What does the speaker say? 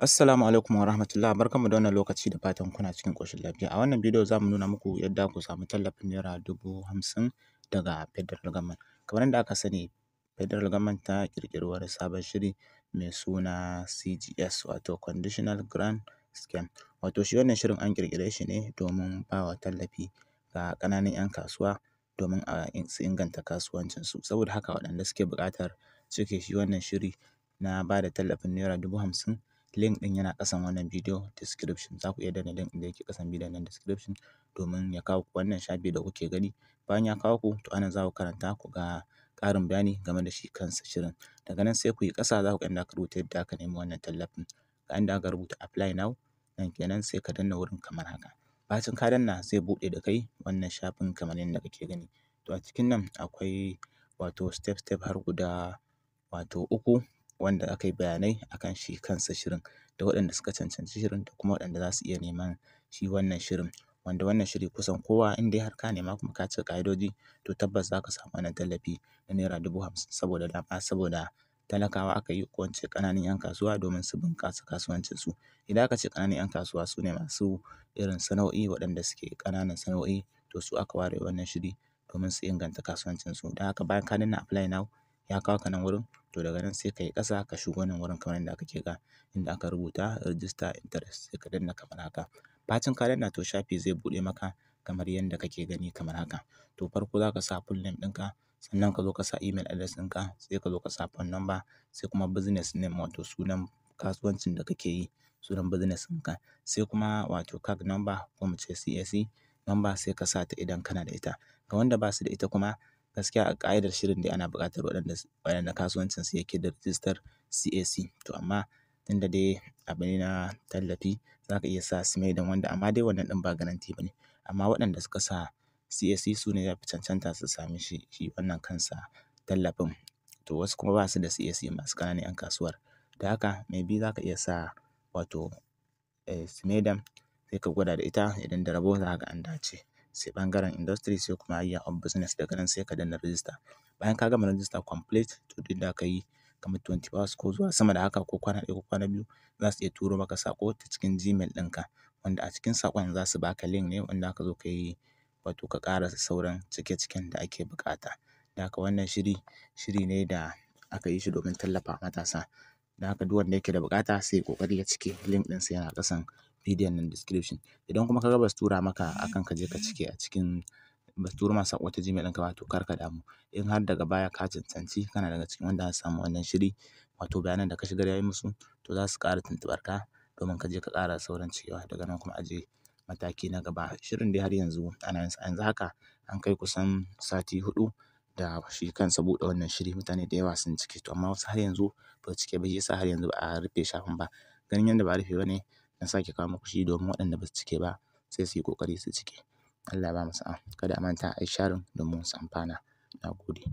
Assalamu alaikum wa rahmatullah barkanmu da wannan lokaci da fatan kuna cikin ƙoshin lafiya. A wannan bidiyo zamu nuna muku yadda ku samu tallafin naira dubu hamsin daga federal government. Kamar yadda aka sani federal government ta ƙirƙiri wani sabon shiri mai suna CGS wato conditional grant scheme. Wato shi wannan shirin an kirkire shi ne domin ba wa tallafi ga ƙananan ‘yan kasuwa domin a su inganta kasuwancinsu. Saboda haka waɗanda suke buƙatar cike shi wannan shiri na ba da tallafin naira dubu hamsin Link ɗin yana ƙasan wannan bidiyo description. Za ku iya danna link ɗin da yake ƙasan video nan description domin ya kawo ku wannan shafi da kuke gani. Bayan ya kawo ku, to anan za ku karanta ku ga ƙarin bayani game da shi kansa shirin. Daga nan sai ku yi ƙasa za ku ga inda aka rubuta yadda aka nemi wannan tallafin. Ga inda aka rubuta apply now nan kenan sai ka danna wurin kamar haka. Bacin ka danna zai buɗe da kai wannan shafin kamar yadda kake gani. To a cikin nan akwai wato step step har guda wato uku wanda aka yi bayanai akan shi kansa shirin da waɗanda suka cancanci shirin da kuma waɗanda za su iya neman shi wannan shirin. Wanda wannan shiri kusan kowa in dai har ka nema kuma ka cika ƙa'idoji to tabbas za ka samu wannan tallafi na naira dubu hamsin saboda dama saboda talakawa aka yi ko ince ƙananun 'yan kasuwa domin su bunƙasa kasuwancinsu. Idan aka ce ƙananun 'yan kasuwa su ne masu irin sana'o'i waɗanda suke ƙananan sana'o'i to su aka ware wannan shiri domin su inganta kasuwancinsu. Don haka bayan ka nuna apply now. ya kawo ka nan wurin to daga nan sai ka yi ƙasa ka shigo nan wurin kamar yadda aka ke ga inda aka rubuta register interest sai ka danna kamar haka. Bacin ka danna to shafi zai buɗe maka kamar yadda kake gani kamar haka. To farko za ka sa full name ɗinka sannan ka zo ka sa email address ɗinka sai ka zo ka sa phone number sai kuma business name wato sunan kasuwancin da kake yi sunan business ɗinka sai kuma wato card number ko mu ce CAC number sai ka sa ta idan kana da ita. Ga wanda ba su da ita kuma gaskiya a ƙa'idar shirin dai ana buƙatar waɗanda, waɗanda kasuwancin su yake da rijistar CAC. To amma tunda dai abu ne na tallafi za ka iya sa da wanda amma dai wannan ɗin ba garanti ba ne. Amma waɗanda suka sa CAC su ne ya fi cancanta su sami shi, wannan kansa tallafin. To wasu kuma ba su da CAC masu ƙananan 'yan kasuwar. Da haka maybe za ka iya sa wato eh sai ka gwada da ita idan da rabo za ka ga an dace. sai ɓangaren industry sai kuma area of business daga nan sai ka danna register. Bayan ka gama register complete to duk da ka yi kamar 24 hours ko zuwa sama da haka ko kwana ɗaya ko kwana biyu za su iya turo maka saƙo ta cikin Gmail ɗinka wanda a cikin saƙon za su baka link ne wanda ka zo ka yi wato ka ƙara sauran cike-ciken da ake buƙata. Da haka wannan shiri, shiri ne da aka yi shi domin tallafa matasa. Da haka duk wanda yake da buƙata sai ya ƙoƙari ya cike link sa yana ƙasan. bidiyon nan description. Idan kuma ka ga ba tura maka akan ka je ka cike a cikin ba tura ma saƙo ta Gmail ɗinka ba to kar ka damu. In har daga baya ka cancanci kana daga cikin wanda za su samu wannan shiri wato bayanan da ka shigar yayi musu to za su ƙara tuntuɓarka, ka domin ka je ka ƙara sauran cikewa daga nan kuma a je mataki na gaba. Shirin dai har yanzu ana yin sa yanzu haka an kai kusan sati huɗu da shi kansa buɗe wannan shiri mutane da yawa sun cike to amma wasu har yanzu ba su cike ba shi yasa har yanzu ba a rufe shafin ba. Ganin yadda ba a rufe ba ne na sake kawo muku shi domin waɗanda ba su cike ba sai su yi ƙoƙari su cike. Allah ya ba mu sa'a. Kada a manta a yi sharing domin su amfana. Na gode.